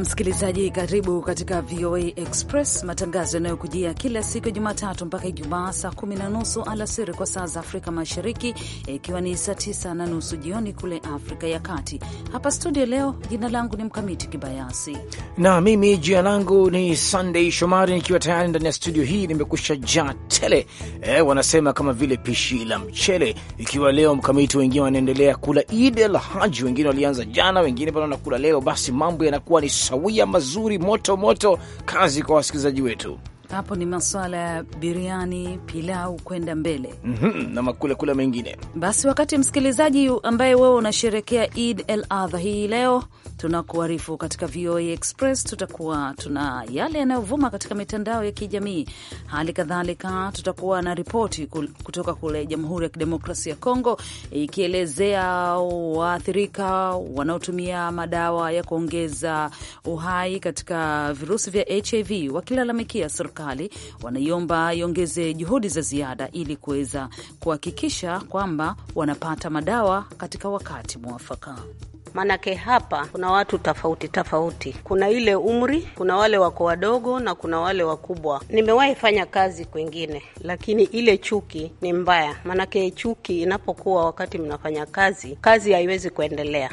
msikilizaji, karibu katika VOA Express, matangazo yanayokujia kila siku ya Jumatatu mpaka Ijumaa saa kumi na nusu alasiri kwa saa za Afrika Mashariki, ikiwa ni saa tisa na nusu jioni kule Afrika ya Kati. Hapa studio leo, jina langu ni Mkamiti Kibayasi na mimi jina langu ni Sunday Shomari, nikiwa tayari ndani ya studio hii nimekusha jaa tele. e, wanasema kama vile pishi la mchele, ikiwa leo Mkamiti, wengine wanaendelea kula Idi Haji, wengine walianza jana, wengine bado wanakula leo, basi mambo yanakuwa ni masawia mazuri moto moto, kazi kwa wasikilizaji wetu hapo ni maswala ya biriani, pilau kwenda mbele mm -hmm, na makulakula mengine. Basi wakati msikilizaji ambaye wewe unasherekea Eid el Adha hii leo, tunakuarifu katika VOA Express. Tutakuwa tuna yale yanayovuma katika mitandao ya kijamii, hali kadhalika tutakuwa na ripoti kutoka kule Jamhuri ya Kidemokrasia ya Kongo ikielezea waathirika wanaotumia madawa ya kuongeza uhai katika virusi vya HIV wakilalamikia serikali, wanaiomba iongeze juhudi za ziada ili kuweza kuhakikisha kwamba wanapata madawa katika wakati mwafaka maanake hapa kuna watu tofauti tofauti, kuna ile umri, kuna wale wako wadogo na kuna wale wakubwa. Nimewahi fanya kazi kwingine, lakini ile chuki ni mbaya, maanake chuki inapokuwa wakati mnafanya kazi, kazi haiwezi kuendelea.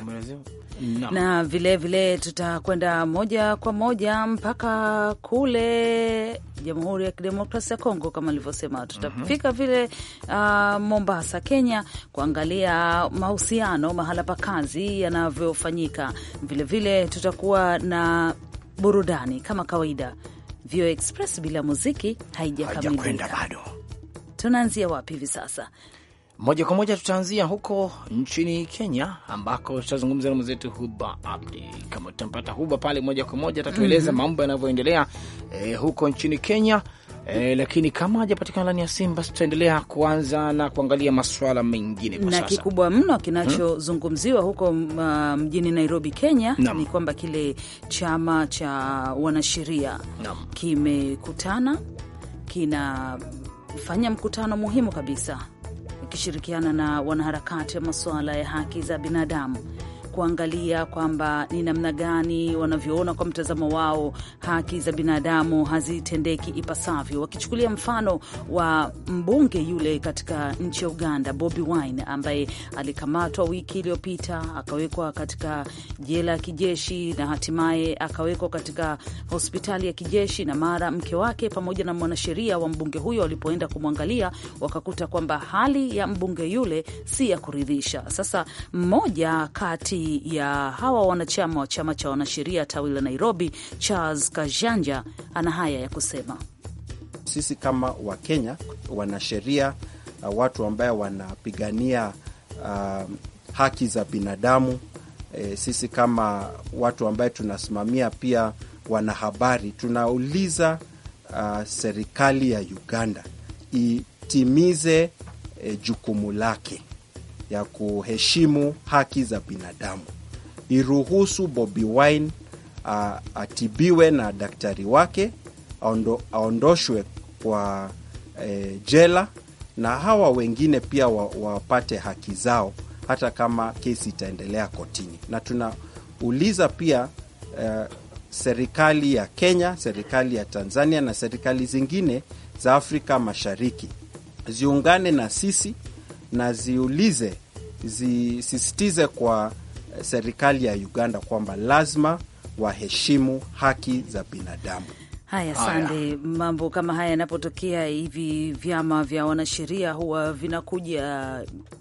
No. Na vilevile tutakwenda moja kwa moja mpaka kule Jamhuri ya Kidemokrasi ya Kongo, kama alivyosema, tutafika mm -hmm. vile uh, Mombasa, Kenya, kuangalia mahusiano mahala pa kazi yana utakavyofanyika. Vilevile tutakuwa na burudani kama kawaida. Vio Express bila muziki haijakamilika bado. Tunaanzia wapi hivi sasa? Moja kwa moja tutaanzia huko nchini Kenya, ambako tutazungumza na mwenzetu Huba Abdi. Kama tutampata Huba pale moja kwa moja atatueleza mm -hmm. mambo yanavyoendelea eh, huko nchini Kenya E, lakini kama hajapatikana ndani ya basi tutaendelea kuanza na kuangalia maswala mengine kwa sasa. Na kikubwa mno hmm? kinachozungumziwa hmm, huko uh, mjini Nairobi, Kenya Nam, ni kwamba kile chama cha wanasheria kimekutana, kinafanya mkutano muhimu kabisa, ikishirikiana na wanaharakati wa masuala ya haki za binadamu kuangalia kwamba ni namna gani wanavyoona kwa mtazamo wao haki za binadamu hazitendeki ipasavyo, wakichukulia mfano wa mbunge yule katika nchi ya Uganda, Bobi Wine ambaye alikamatwa wiki iliyopita akawekwa katika jela ya kijeshi na hatimaye akawekwa katika hospitali ya kijeshi, na mara mke wake pamoja na mwanasheria wa mbunge huyo walipoenda kumwangalia wakakuta kwamba hali ya mbunge yule si ya kuridhisha. Sasa mmoja kati ya hawa wanachama wa chama cha wanasheria tawi la Nairobi, Charles Kajanja ana haya ya kusema: sisi kama Wakenya wanasheria, uh, watu ambayo wanapigania uh, haki za binadamu e, sisi kama watu ambayo tunasimamia pia wanahabari, tunauliza uh, serikali ya Uganda itimize e, jukumu lake ya kuheshimu haki za binadamu. Iruhusu Bobi Wine uh, atibiwe na daktari wake aondo, aondoshwe kwa eh, jela na hawa wengine pia wapate wa haki zao, hata kama kesi itaendelea kotini. Na tunauliza pia eh, serikali ya Kenya, serikali ya Tanzania na serikali zingine za Afrika Mashariki ziungane na sisi na ziulize, zisisitize kwa eh, serikali ya Uganda kwamba lazima waheshimu haki za binadamu. Haya, sande. Mambo kama haya yanapotokea hivi, vyama vya wanasheria huwa vinakuja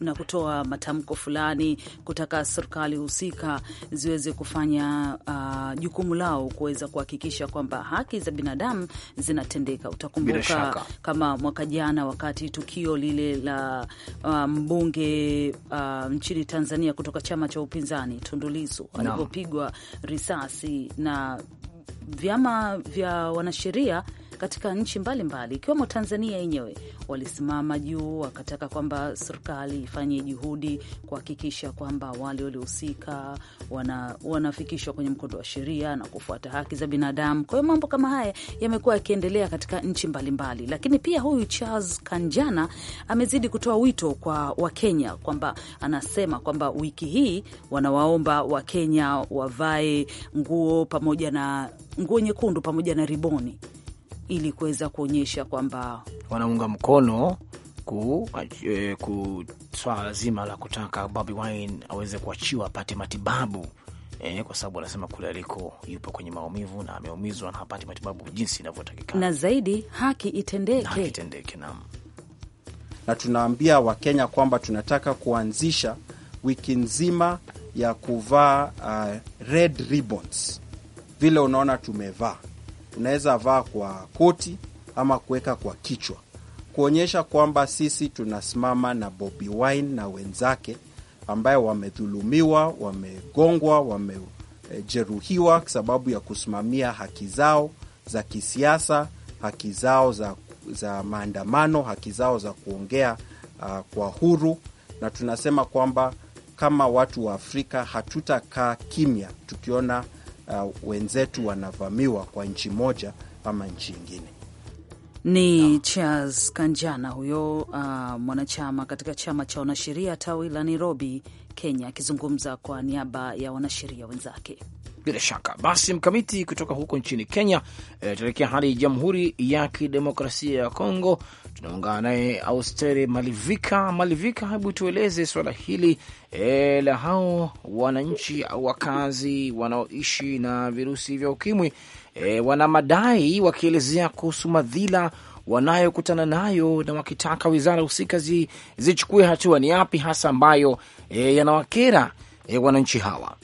na kutoa matamko fulani kutaka serikali husika ziweze kufanya uh, jukumu lao kuweza kuhakikisha kwamba haki za binadamu zinatendeka. Utakumbuka kama mwaka jana, wakati tukio lile la uh, mbunge uh, nchini Tanzania kutoka chama cha upinzani Tundu alivyopigwa alipopigwa risasi na vyama vya wanasheria katika nchi mbalimbali ikiwemo mbali, Tanzania yenyewe walisimama juu wakataka kwamba serikali ifanye juhudi kuhakikisha kwamba wale waliohusika wana, wanafikishwa kwenye mkondo wa sheria na kufuata haki za binadamu. Kwa hiyo mambo kama haya yamekuwa yakiendelea katika nchi mbalimbali mbali. Lakini pia huyu Charles Kanjana amezidi kutoa wito kwa Wakenya kwamba anasema kwamba wiki hii wanawaomba Wakenya wavae nguo pamoja na nguo nyekundu pamoja na riboni ili kuweza kuonyesha kwamba wanaunga mkono ku, e, ku swala zima la kutaka Bobi Wine aweze kuachiwa apate matibabu e, kwa sababu anasema kule aliko yupo kwenye maumivu na ameumizwa na hapati matibabu jinsi inavyotakikana, na zaidi haki itendeke, haki itendeke, Na tunaambia Wakenya kwamba tunataka kuanzisha wiki nzima ya kuvaa uh, red ribbons vile unaona tumevaa unaweza vaa kwa koti ama kuweka kwa kichwa, kuonyesha kwamba sisi tunasimama na Bobi Wine na wenzake ambayo wamedhulumiwa, wamegongwa, wamejeruhiwa kwa sababu ya kusimamia haki zao za kisiasa, haki zao za, za maandamano, haki zao za kuongea uh, kwa huru, na tunasema kwamba kama watu wa Afrika hatutakaa kimya tukiona uh, wenzetu wanavamiwa kwa nchi moja ama nchi ingine. Ni no. Charles Kanjana huyo, uh, mwanachama katika chama cha wanasheria tawi la Nairobi, Kenya, akizungumza kwa niaba ya wanasheria wenzake bila shaka. Basi mkamiti kutoka huko nchini Kenya, e, tuelekea hadi Jamhuri ya Kidemokrasia ya Kongo. Tunaungana naye Austere Malivika. Malivika, hebu tueleze swala hili e, la hao wananchi au wakazi wanaoishi na virusi vya ukimwi e, wana madai wakielezea kuhusu madhila wanayokutana nayo na wakitaka wizara husika zichukue hatua. Ni yapi hasa ambayo e, yanawakera e, wananchi hawa?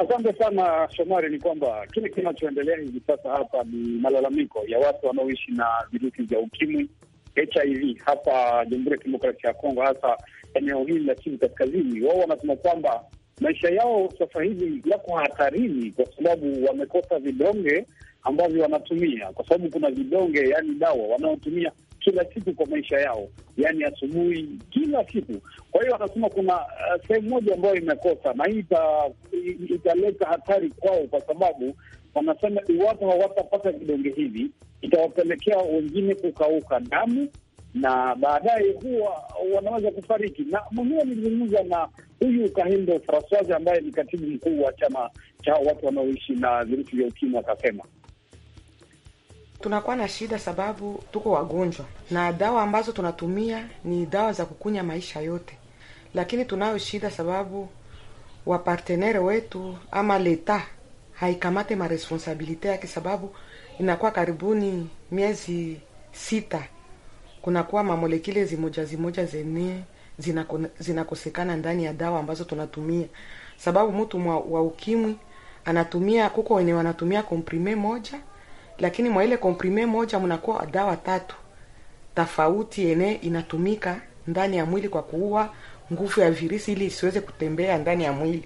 Asante sana Shomari. Ni kwamba kile kinachoendelea hivi sasa hapa ni malalamiko ya watu wanaoishi na virusi vya ukimwi HIV hapa Jamhuri ya Kidemokrasia ya Kongo, hasa eneo hili la Kivu Kaskazini. Wao wanasema kwamba maisha yao sasa hivi yako hatarini, kwa sababu wamekosa vidonge ambavyo wanatumia, kwa sababu kuna vidonge, yaani dawa wanaotumia kila siku kwa maisha yao, yaani asubuhi kila siku. Kwa hiyo wanasema kuna uh, sehemu moja ambayo imekosa na hii italeta hatari kwao, kwa sababu wanasema iwapo hawatapata vidonge hivi itawapelekea wengine kukauka damu na baadaye huwa wanaweza kufariki. Na mwenyewe nilizungumza na huyu Kahindo Faraswazi ambaye ni katibu mkuu wa chama cha watu wanaoishi na virusi vya ukimwi, akasema tunakuwa na shida sababu tuko wagonjwa, na dawa ambazo tunatumia ni dawa za kukunya maisha yote, lakini tunayo shida sababu wapartenere wetu ama leta haikamate maresponsabilite yake, sababu inakuwa karibuni miezi sita kunakuwa mamolekile zimoja zimoja zenye zinakosekana zina ndani ya dawa ambazo tunatumia, sababu mtu wa ukimwi anatumia kuko wenye wanatumia komprime moja lakini mwa ile komprime moja mnakuwa dawa tatu tofauti ene inatumika ndani ya mwili kwa kuua nguvu ya virusi ili isiweze kutembea ndani ya mwili.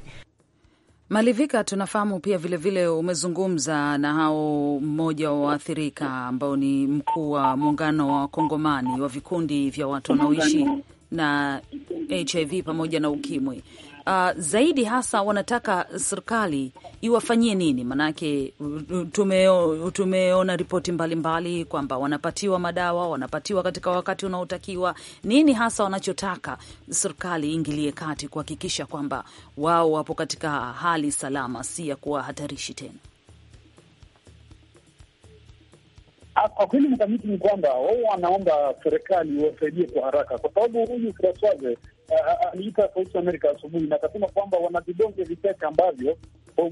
Malivika, tunafahamu pia vilevile vile umezungumza na hao mmoja wa waathirika ambao ni mkuu wa muungano wa Kongomani wa vikundi vya watu wanaoishi na HIV pamoja na ukimwi uh, zaidi hasa wanataka serikali iwafanyie nini? Maanake uh, uh, tumeo, uh, tumeona ripoti mbalimbali kwamba wanapatiwa madawa, wanapatiwa katika wakati unaotakiwa. Nini hasa wanachotaka serikali iingilie kati kuhakikisha kwamba wao wapo katika hali salama, si ya hatarishi tena? Kwa kweli mkamiti ni kwamba wao wanaomba serikali wasaidie kwa haraka, kwa sababu huyu Kraswaze eh, eh, eh, aliita Sauti Amerika asubuhi na akasema kwamba wana vidonge vichache ambavyo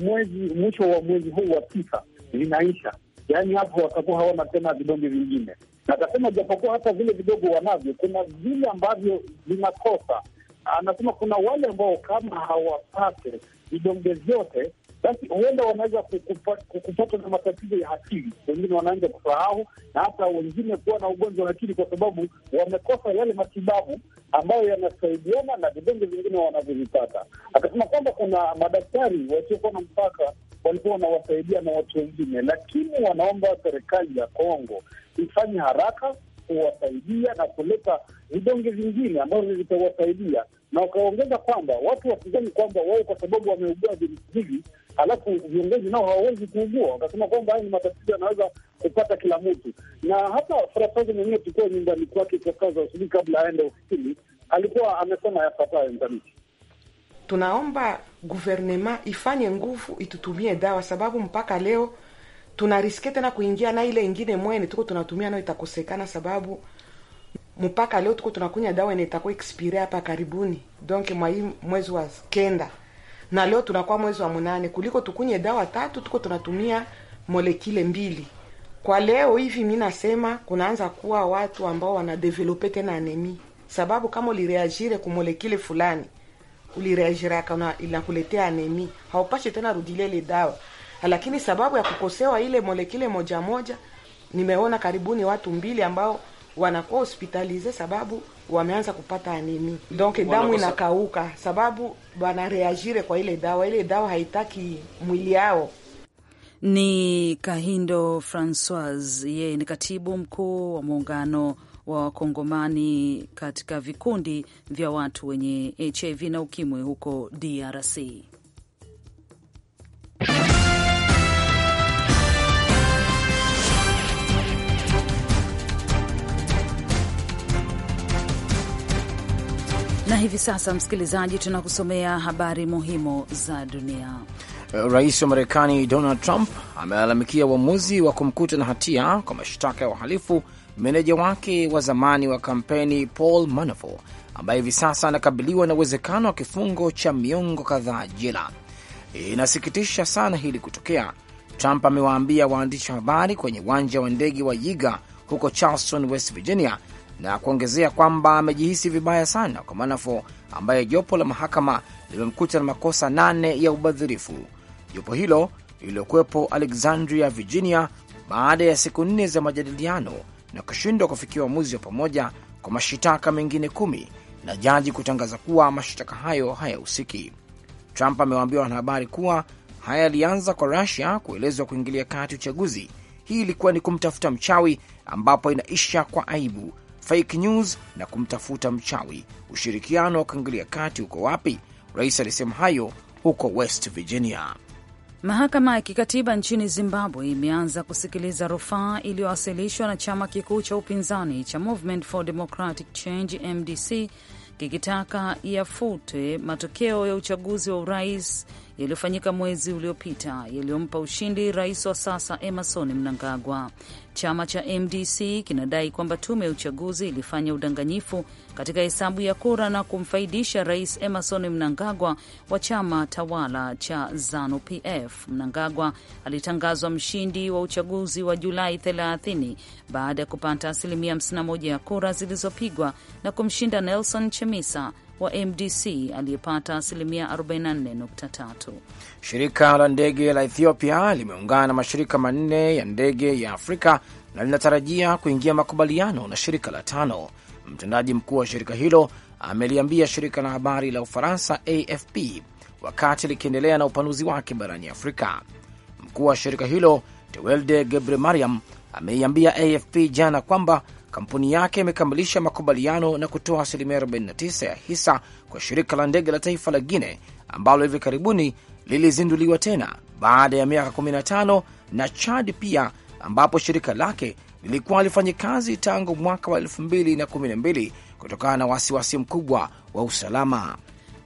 mwezi mwisho wa mwezi huu wa tisa vinaisha, yaani hapo watakuwa hawana tena vidonge vingine. Na akasema japokuwa hata vile vidogo wanavyo, kuna vile ambavyo vinakosa. Anasema kuna wale ambao kama hawapate vidonge vyote basi huenda wanaweza kupatwa na matatizo ya akili. Wengine wanaanza kusahau na hata wengine kuwa na ugonjwa wa akili, kwa sababu wamekosa yale matibabu ambayo yanasaidiana na vidonge vingine wanavyovipata. Akasema kwamba kuna madaktari wasiokuwa na mpaka walikuwa wanawasaidia na watu wengine, lakini wanaomba serikali ya Kongo ifanye haraka kuwasaidia na kuleta vidonge vingine ambavyo vitawasaidia na wakaongeza kwamba watu wasizani kwamba wao kwa sababu wameugua virusi hivi, halafu viongozi nao hawawezi kuugua. Wakasema kwamba haya ni matatizo yanaweza kupata kila mtu, na hata Farafaza mwenyewe tukiwa nyumbani kwake kwa saa za asubuhi kabla aende ofisini, alikuwa amesema yafuatayo mkamiti Tunaomba guvernema ifanye nguvu itutumie dawa, sababu mpaka leo tunariske tena kuingia na ile ingine mwene tuko tunatumia nayo itakosekana, sababu mpaka leo tuko tunakunya dawa na itakuwa expire hapa karibuni, donc mwa mwezi wa kenda na leo tunakuwa mwezi wa mnane, kuliko tukunye dawa tatu, tuko tunatumia molekile mbili kwa leo hivi. Mi nasema kunaanza kuwa watu ambao wanadevelope tena anemi, sababu kama ulireagire kumolekile fulani ulireagiraka inakuletea anemi, haupashi tena rudilia ile dawa, lakini sababu ya kukosewa ile molekile moja moja, nimeona karibuni watu mbili ambao wanakuwa hospitalize sababu wameanza kupata anemi, donc damu inakauka sababu wanareagire kwa ile dawa. Ile dawa haitaki mwili yao. Ni Kahindo Francois, yeye ni katibu mkuu wa muungano wa wakongomani katika vikundi vya watu wenye HIV na ukimwi huko DRC. hivi sasa, msikilizaji, tunakusomea habari muhimu za dunia. Eh, Rais wa Marekani Donald Trump amelalamikia uamuzi wa kumkuta na hatia kwa mashtaka ya uhalifu meneja wake wa zamani wa kampeni Paul Manafort ambaye hivi sasa anakabiliwa na uwezekano wa kifungo cha miongo kadhaa jela. Inasikitisha sana hili kutokea, Trump amewaambia waandishi wa habari kwenye uwanja wa ndege wa Yiga huko Charleston, West Virginia, na kuongezea kwamba amejihisi vibaya sana kwa Manafo ambaye jopo la mahakama limemkuta na makosa nane ya ubadhirifu. Jopo hilo lililokuwepo Alexandria, Virginia, baada ya siku nne za majadiliano na kushindwa kufikia uamuzi wa pamoja kwa mashitaka mengine kumi na jaji kutangaza kuwa mashitaka hayo hayahusiki. Trump amewaambia wanahabari kuwa haya yalianza kwa Rusia kuelezwa kuingilia kati uchaguzi. Hii ilikuwa ni kumtafuta mchawi, ambapo inaisha kwa aibu fake news na kumtafuta mchawi. Ushirikiano wa kuingilia kati uko wapi? Rais alisema hayo huko West Virginia. Mahakama ya kikatiba nchini Zimbabwe imeanza kusikiliza rufaa iliyowasilishwa na chama kikuu cha upinzani cha Movement for Democratic Change MDC kikitaka yafute matokeo ya uchaguzi wa urais yaliyofanyika mwezi uliopita yaliyompa ushindi rais wa sasa Emerson Mnangagwa. Chama cha MDC kinadai kwamba tume ya uchaguzi ilifanya udanganyifu katika hesabu ya kura na kumfaidisha rais Emerson Mnangagwa wa chama tawala cha ZANU-PF. Mnangagwa alitangazwa mshindi wa uchaguzi wa Julai 30 baada ya kupata asilimia 51 ya kura zilizopigwa na kumshinda Nelson Chamisa wa MDC aliyepata asilimia 44.3. Shirika la ndege la Ethiopia limeungana na mashirika manne ya ndege ya Afrika na linatarajia kuingia makubaliano na shirika la tano. Mtendaji mkuu wa shirika hilo ameliambia shirika la habari la Ufaransa AFP wakati likiendelea na upanuzi wake barani Afrika. Mkuu wa shirika hilo Tewelde Gebre Mariam ameiambia AFP jana kwamba kampuni yake imekamilisha makubaliano na kutoa asilimia 49 ya hisa kwa shirika la ndege la taifa la Guine ambalo hivi karibuni lilizinduliwa tena baada ya miaka 15 na Chad pia, ambapo shirika lake lilikuwa alifanyi kazi tangu mwaka wa 2012 kutokana na wasiwasi mkubwa wa usalama.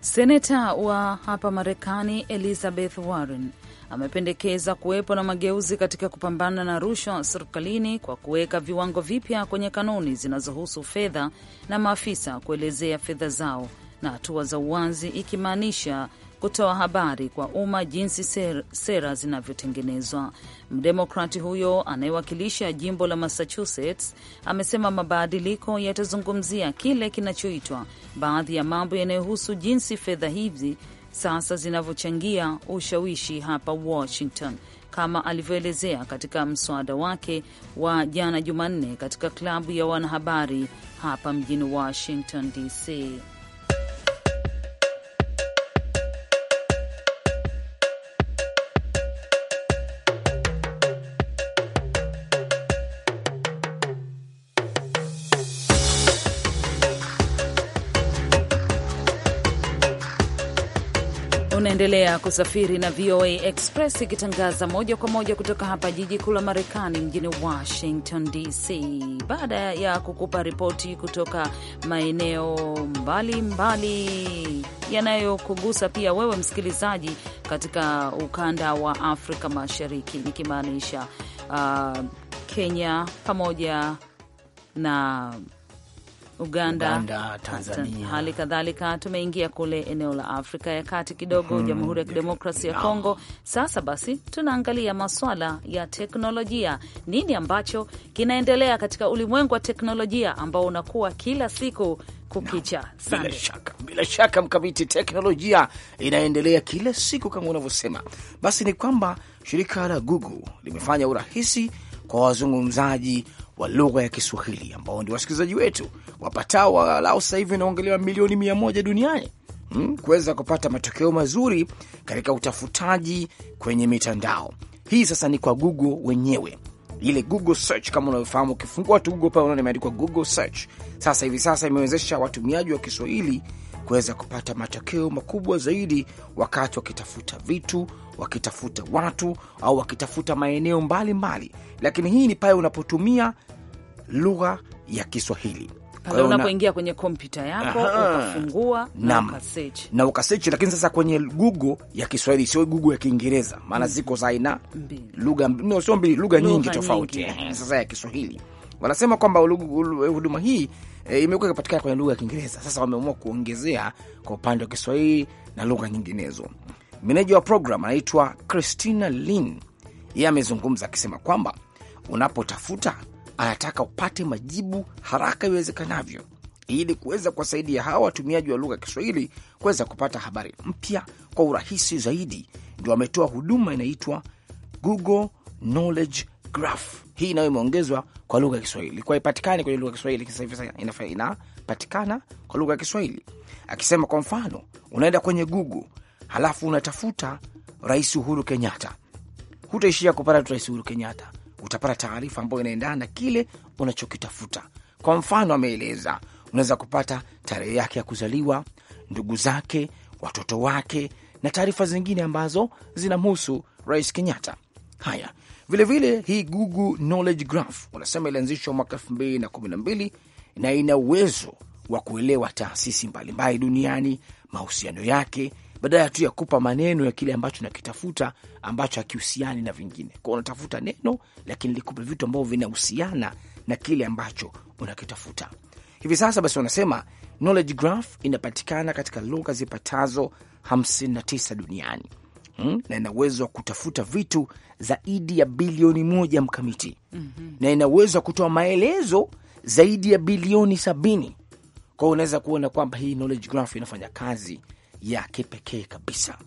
Seneta wa hapa Marekani Elizabeth Warren amependekeza kuwepo na mageuzi katika kupambana na rushwa serikalini kwa kuweka viwango vipya kwenye kanuni zinazohusu fedha na maafisa kuelezea fedha zao na hatua za uwazi, ikimaanisha kutoa habari kwa umma jinsi sera, sera zinavyotengenezwa. Mdemokrati huyo anayewakilisha jimbo la Massachusetts amesema mabadiliko yatazungumzia kile kinachoitwa baadhi ya mambo yanayohusu jinsi fedha hizi sasa zinavyochangia ushawishi hapa Washington, kama alivyoelezea katika mswada wake wa jana Jumanne katika klabu ya wanahabari hapa mjini Washington DC. Unaendelea kusafiri na VOA Express ikitangaza moja kwa moja kutoka hapa jiji kuu la Marekani, mjini Washington DC. Baada ya kukupa ripoti kutoka maeneo mbalimbali yanayokugusa pia wewe msikilizaji, katika ukanda wa Afrika Mashariki, nikimaanisha uh, Kenya pamoja na Uganda, Uganda Tanzania. Hali kadhalika tumeingia kule eneo la Afrika ya kati kidogo, hmm, Jamhuri ya Kidemokrasia ya Kongo. Sasa basi, tunaangalia maswala ya teknolojia, nini ambacho kinaendelea katika ulimwengu wa teknolojia ambao unakuwa kila siku kukicha. Na, bila shaka, bila shaka mkamiti, teknolojia inaendelea kila siku kama unavyosema. Basi ni kwamba shirika la Google limefanya urahisi kwa wazungumzaji wa lugha ya Kiswahili ambao ndio wasikilizaji wetu wapatao walau sasa hivi inaongelewa milioni mia moja duniani hmm, kuweza kupata matokeo mazuri katika utafutaji kwenye mitandao hii. Sasa ni kwa Google wenyewe, ile Google search kama unavyofahamu, ukifungua tu Google pale unaona imeandikwa Google search. Sasa hivi sasa imewezesha watumiaji wa Kiswahili kuweza kupata matokeo makubwa zaidi wakati wakitafuta vitu, wakitafuta watu au wakitafuta maeneo mbalimbali mbali. Lakini hii ni pale unapotumia lugha ya Kiswahili pale unapoingia kwenye kompyuta yako ukafungua na ukasearch na ukasearch, lakini sasa kwenye Google ya Kiswahili sio Google ya Kiingereza, maana mm. ziko za aina lugha no, sio mbili, lugha nyingi tofauti. Sasa ya Kiswahili wanasema kwamba huduma hii e, imekuwa ikipatikana kwenye lugha ya Kiingereza. Sasa wameamua kuongezea kwa upande wa Kiswahili na lugha nyinginezo. Meneja wa program anaitwa Christina Lin, yeye amezungumza akisema kwamba unapotafuta anataka upate majibu haraka iwezekanavyo ili kuweza kuwasaidia hawa watumiaji wa lugha ya Kiswahili kuweza kupata habari mpya kwa urahisi zaidi. Ndio ametoa huduma inaitwa Google Knowledge Graph. Hii nayo imeongezwa kwa lugha ya Kiswahili, kwa ipatikane kwenye lugha ya Kiswahili sasa hivi inapatikana kwa lugha ya Kiswahili, akisema kwa mfano, unaenda kwenye Google halafu unatafuta Rais Uhuru Kenyatta, hutaishia kupata tu Rais Uhuru Kenyatta, utapata taarifa ambayo inaendana na kile unachokitafuta. Kwa mfano, ameeleza unaweza kupata tarehe yake ya kuzaliwa, ndugu zake, watoto wake na taarifa zingine ambazo zinamhusu Rais Kenyatta. Haya, vilevile vile, hii Google Knowledge Graph unasema ilianzishwa mwaka elfu mbili na kumi na mbili na ina uwezo wa kuelewa taasisi mbalimbali duniani, mahusiano yake badala tu ya kupa maneno ya kile ambacho nakitafuta ambacho hakihusiani na vingine. Kwa unatafuta neno lakini likupe vitu ambavyo vinahusiana na kile ambacho unakitafuta. Hivi sasa basi, wanasema knowledge graph inapatikana katika lugha zipatazo 59 duniani hmm? na ina uwezo wa kutafuta vitu zaidi ya bilioni moja mkamiti mm -hmm. na ina uwezo wa kutoa maelezo zaidi ya bilioni sabini. kwao unaweza kuona kwamba hii knowledge graph inafanya kazi ya kipekee kabisa.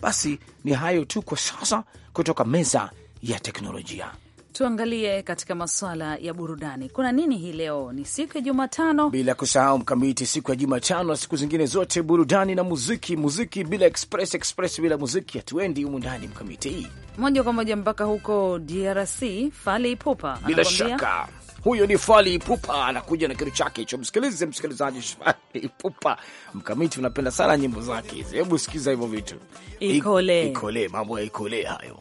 Basi ni hayo tu kwa sasa kutoka meza ya teknolojia. Tuangalie katika masuala ya burudani, kuna nini hii leo? Ni siku ya Jumatano, bila kusahau Mkamiti, siku ya Jumatano na siku zingine zote burudani na muziki. Muziki bila express express, bila muziki hatuendi humu ndani. Mkamiti, moja kwa moja mpaka huko DRC, Fali Ipupa bila shaka huyo ni fali Ipupa anakuja na kitu chake hicho. Msikilize msikilizaji, Fali Ipupa mkamiti, unapenda sana nyimbo zake hizi. Hebu sikiza hivyo vitu, ikole ikole, mambo ya ikole hayo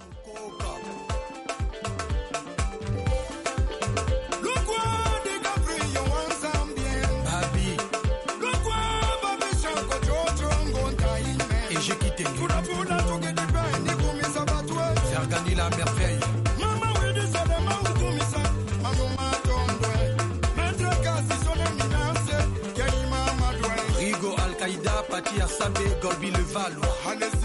Samé, Gorbi, the value.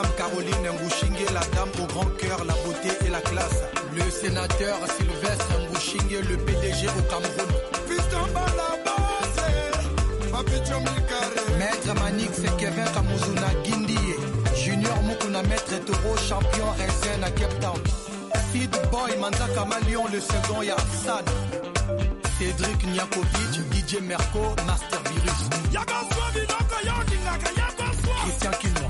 Madame Caroline Mbouchingue, la dame au grand cœur, la beauté et la classe. Le sénateur Sylvestre Mbouchingue, le PDG au Cameroun. Maître Manik Kevin Kamuzuna Guindie, Junior Mukuna Maître Toro, champion ancien à Cape Town. Sid Boy Manzaka Malion, le second Yassan. Cédric Niakovic, DJ Merco, Master Virus. Christian Kinoa.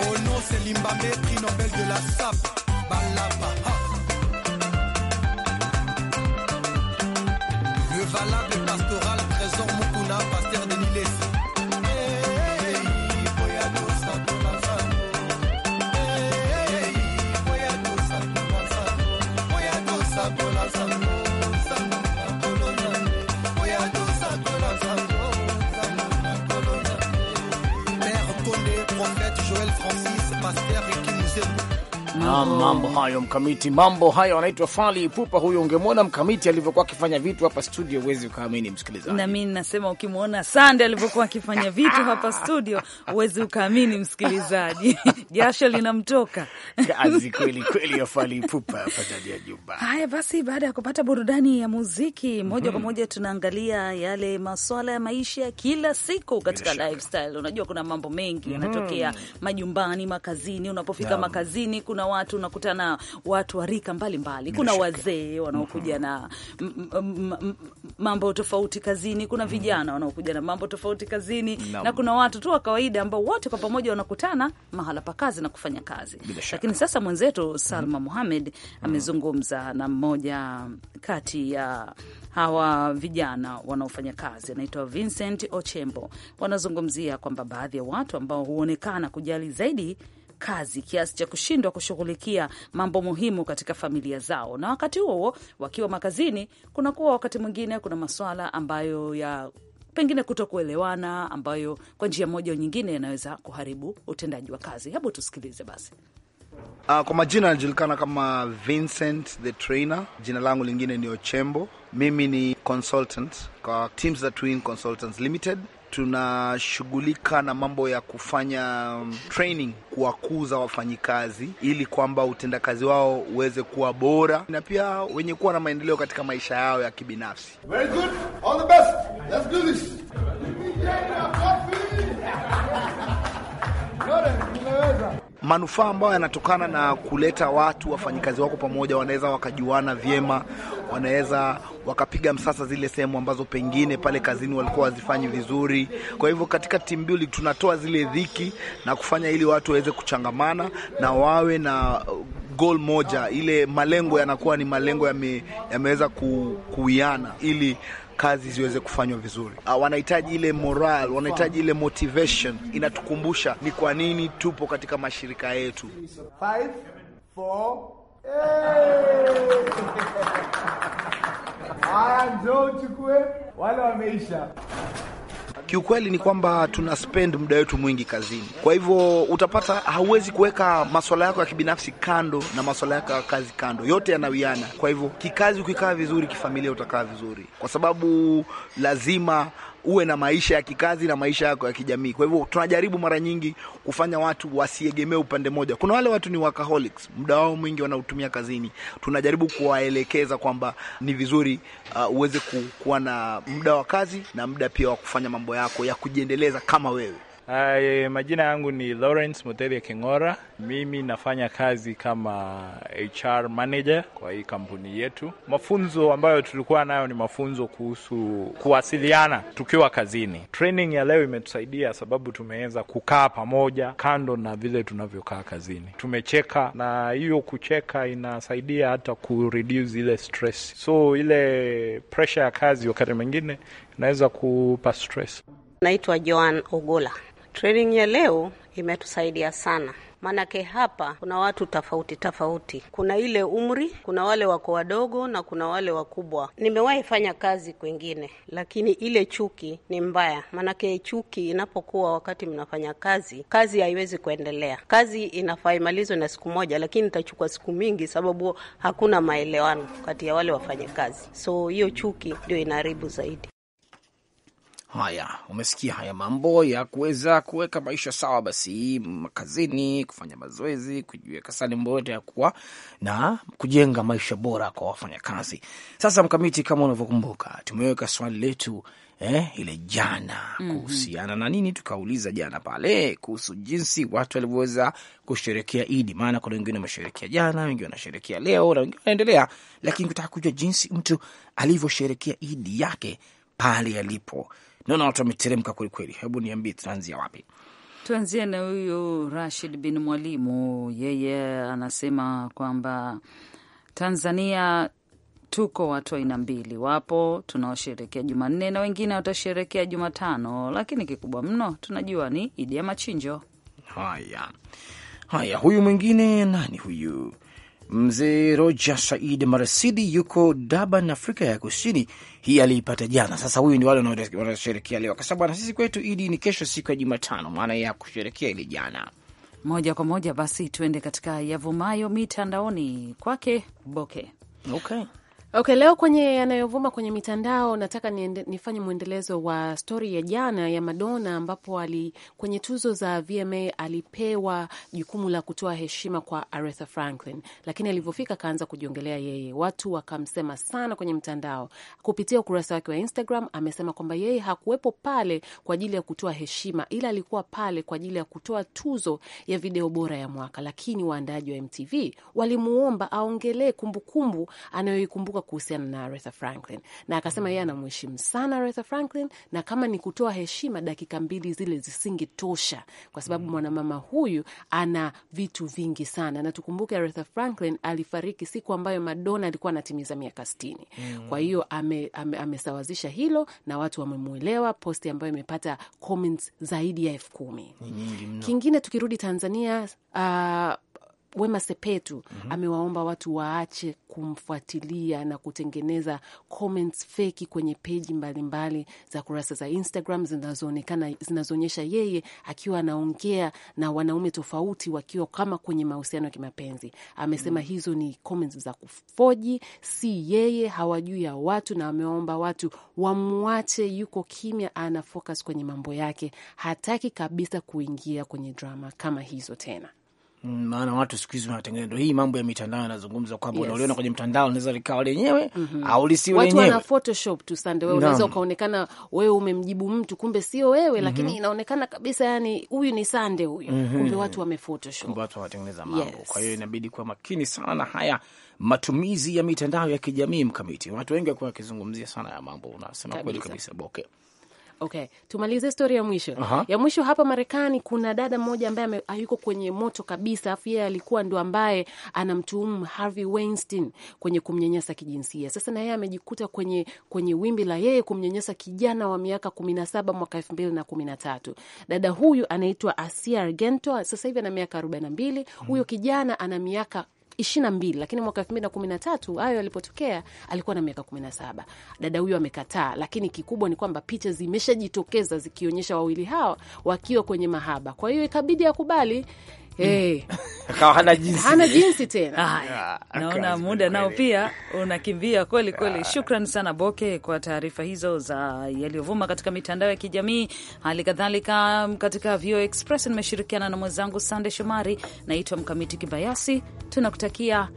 Oh non, c'est Limbamé, prix Nobel de la SAP. Balaba. Le valable pastoral pastoral trésor na mambo hayo mkamiti, mambo hayo anaitwa Fali Ipupa huyo. Ungemwona mkamiti alivyokuwa akifanya vitu hapa studio, huwezi ukaamini msikilizaji. Na mimi nasema ukimwona Sande alivyokuwa akifanya vitu hapa studio, huwezi ukaamini msikilizaji, jasho linamtoka kazi kweli kweli ya Fali Ipupa hapa ndani ya jumba. Haya basi, baada ya kupata burudani ya muziki moja kwa moja tunaangalia yale maswala ya maisha ya kila siku katika lifestyle. Unajua kuna mambo mengi mhm. yanatokea majumbani, makazini. Unapofika makazini kuna watu watu, unakutana watu wa rika mbalimbali. Kuna wazee wanaokuja mm-hmm. na mambo tofauti kazini, kuna mm-hmm. vijana wanaokuja na mambo tofauti kazini no. na kuna watu tu wa kawaida ambao wote kwa pamoja wanakutana mahala pa kazi na kufanya kazi. Lakini sasa mwenzetu mm-hmm. Salma Muhamed amezungumza na mmoja kati ya hawa vijana wanaofanya kazi, anaitwa Vincent Ochembo. Wanazungumzia kwamba baadhi ya watu ambao huonekana kujali zaidi kazi kiasi cha kushindwa kushughulikia mambo muhimu katika familia zao, na wakati huo wakiwa makazini, kunakuwa wakati mwingine kuna maswala ambayo ya pengine kutokuelewana ambayo kwa njia moja au nyingine yanaweza kuharibu utendaji wa kazi. Hebu tusikilize basi. Uh, kwa majina anajulikana kama Vincent the Trainer. Jina langu lingine ni Ochembo. Mimi ni consultant kwa Teams That Win Consultants Limited tunashughulika na mambo ya kufanya um, training, kuwakuza wafanyikazi ili kwamba utendakazi wao uweze kuwa bora na pia wenye kuwa na maendeleo katika maisha yao ya kibinafsi. Very good. All the best. Let's do this. manufaa ambayo yanatokana na kuleta watu wafanyikazi wako pamoja, wanaweza wakajuana vyema, wanaweza wakapiga msasa zile sehemu ambazo pengine pale kazini walikuwa wazifanyi vizuri. Kwa hivyo katika team building tunatoa zile dhiki na kufanya ili watu waweze kuchangamana na wawe na goal moja, ile malengo yanakuwa ni malengo yameweza kuwiana ili kazi ziweze kufanywa vizuri. Uh, wanahitaji ile moral, wanahitaji ile motivation. Inatukumbusha ni kwa nini tupo katika mashirika yetu. Five, njoo wale wameisha. Kiukweli ni kwamba tuna spend muda wetu mwingi kazini, kwa hivyo utapata hauwezi kuweka maswala yako ya kibinafsi kando na maswala yako ya kazi kando, yote yanawiana. Kwa hivyo kikazi ukikaa vizuri, kifamilia utakaa vizuri, kwa sababu lazima uwe na maisha ya kikazi na maisha yako ya kijamii. Kwa hivyo tunajaribu mara nyingi kufanya watu wasiegemee upande mmoja. Kuna wale watu ni workaholics, muda wao mwingi wanautumia kazini. Tunajaribu kuwaelekeza kwamba ni vizuri uh, uweze kuwa na muda wa kazi na muda pia wa kufanya mambo yako ya kujiendeleza kama wewe. Ae, majina yangu ni Lawrence Mutelia King'ora. Mimi nafanya kazi kama HR manager kwa hii kampuni yetu. Mafunzo ambayo tulikuwa nayo ni mafunzo kuhusu kuwasiliana tukiwa kazini. Training ya leo imetusaidia sababu tumeweza kukaa pamoja kando na vile tunavyokaa kazini. Tumecheka na hiyo kucheka inasaidia hata kureduce ile stress. So ile pressure ya kazi wakati mwingine inaweza kupa stress. Naitwa Joan Ogola. Training ya leo imetusaidia sana maanake hapa kuna watu tofauti tofauti, kuna ile umri, kuna wale wako wadogo na kuna wale wakubwa. Nimewahi fanya kazi kwengine, lakini ile chuki ni mbaya, maanake chuki inapokuwa wakati mnafanya kazi, kazi haiwezi kuendelea. Kazi inafaa imalizwe na siku moja, lakini itachukua siku mingi, sababu hakuna maelewano kati ya wale wafanya kazi. So hiyo chuki ndio inaharibu zaidi. Haya, umesikia haya mambo ya kuweza kuweka maisha sawa, basi makazini, kufanya mazoezi, kujiweka mbote ya kuwa na kujenga maisha bora kwa wafanyakazi. Sasa Mkamiti, kama unavyokumbuka, tumeweka swali letu eh, ile jana mhm. kuhusiana mm -hmm. na nini, tukauliza jana pale kuhusu jinsi watu walivyoweza kusherekea Idi, maana kuna wengine wamesherekea jana, wengine wanasherekea leo na wengine wanaendelea, lakini kutaka kujua jinsi mtu alivyosherekea Idi yake pale yalipo naona watu wameteremka kwelikweli. Hebu niambie, tunaanzia wapi? Tuanzie na huyu Rashid bin Mwalimu, yeye anasema kwamba Tanzania tuko watu aina mbili, wapo tunaosherekea Jumanne na wengine watasherekea Jumatano, lakini kikubwa mno tunajua ni Idi ya Machinjo. Haya haya, huyu mwingine nani huyu? Mzee Roja Said marasidi yuko Durban, Afrika ya Kusini. Hii aliipata jana. Sasa huyu ni wale wanaosherekea leo, kwa sababu na sisi kwetu Idi ni kesho, siku ya Jumatano, maana ya kusherekea ili jana. Moja kwa moja basi tuende katika yavumayo mitandaoni kwake Boke. Okay. Okay, leo kwenye yanayovuma kwenye mitandao nataka niende, nifanye mwendelezo wa stori ya jana ya Madonna ambapo ali, kwenye tuzo za VMA alipewa jukumu la kutoa heshima kwa Aretha Franklin, lakini alivyofika akaanza kujiongelea yeye, watu wakamsema sana kwenye mtandao. Kupitia ukurasa wake wa Instagram amesema kwamba yeye hakuwepo pale kwa ajili ya kutoa heshima, ila alikuwa pale kwa ajili ya kutoa tuzo ya video bora ya mwaka, lakini waandaaji wa MTV walimuomba aongelee kumbukumbu anayoikumbuka kidogo kuhusiana na Aretha Franklin, na akasema yeye anamheshimu sana Aretha Franklin, na kama ni kutoa heshima, dakika mbili zile zisingetosha, kwa sababu mm. mwanamama huyu ana vitu vingi sana, na tukumbuke Aretha Franklin alifariki siku ambayo Madonna alikuwa anatimiza miaka sitini. Mm. Kwa hiyo amesawazisha ame, ame hilo na watu wamemwelewa. Posti ambayo imepata comments zaidi ya elfu kumi. Kingine tukirudi Tanzania, uh, Wema Sepetu mm -hmm. amewaomba watu waache kumfuatilia na kutengeneza comments feki kwenye peji mbalimbali za kurasa za Instagram zinazoonekana zinazoonyesha yeye akiwa anaongea na wanaume tofauti wakiwa kama kwenye mahusiano ya kimapenzi. Amesema mm -hmm. hizo ni comments za kufoji, si yeye, hawajui ya watu, na amewaomba watu wamwache, yuko kimya, ana focus kwenye mambo yake, hataki kabisa kuingia kwenye drama kama hizo tena. Mm, maana watu siku hizi wanatengeneza, hii mambo ya mitandao yanazungumza kwamba yes, unaliona kwenye mtandao naweza likawa lenyewe mm -hmm, au lisiwe lenyewe. Watu wana photoshop tu sande, wewe unaweza ukaonekana wewe umemjibu mtu, kumbe sio wewe mm -hmm, lakini mhm. inaonekana kabisa, yani huyu ni sande huyu mm -hmm, kumbe watu wame photoshop, watu wanatengeneza mambo yes. Kwa hiyo inabidi kuwa makini sana na haya matumizi ya mitandao ya kijamii mkamiti, watu wengi wakuwa wakizungumzia sana ya mambo, unasema kweli kabisa Boke. Okay, tumalize stori ya mwisho. uh -huh. Ya mwisho hapa Marekani kuna dada mmoja ambaye yuko kwenye moto kabisa, afu yeye alikuwa ndo ambaye anamtuhumu Harvey Weinstein kwenye kumnyanyasa kijinsia. Sasa na yeye amejikuta kwenye kwenye wimbi la yeye kumnyanyasa kijana wa miaka kumi na saba mwaka elfu mbili na kumi na tatu. Dada huyu anaitwa Asia Argento, sasa hivi ana miaka arobaini mbili. Mm. Huyo kijana ana miaka ishirini na mbili lakini mwaka elfu mbili na kumi na tatu hayo yalipotokea alikuwa na miaka kumi na saba. Dada huyo amekataa, lakini kikubwa ni kwamba picha zimeshajitokeza zikionyesha wawili hawa wakiwa kwenye mahaba, kwa hiyo ikabidi akubali. akawa hana jinsi, hana jinsi tena. Ah, ah, naona muda nao pia unakimbia kweli kweli. Ah. Shukran sana Boke kwa taarifa hizo za yaliyovuma katika mitandao ya kijamii. Hali kadhalika mm, katika VOA Express nimeshirikiana na mwenzangu Sande Shomari. Naitwa Mkamiti Kibayasi, tunakutakia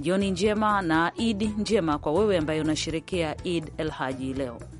jioni njema na Idi njema kwa wewe ambaye unasherekea Id el Haji leo.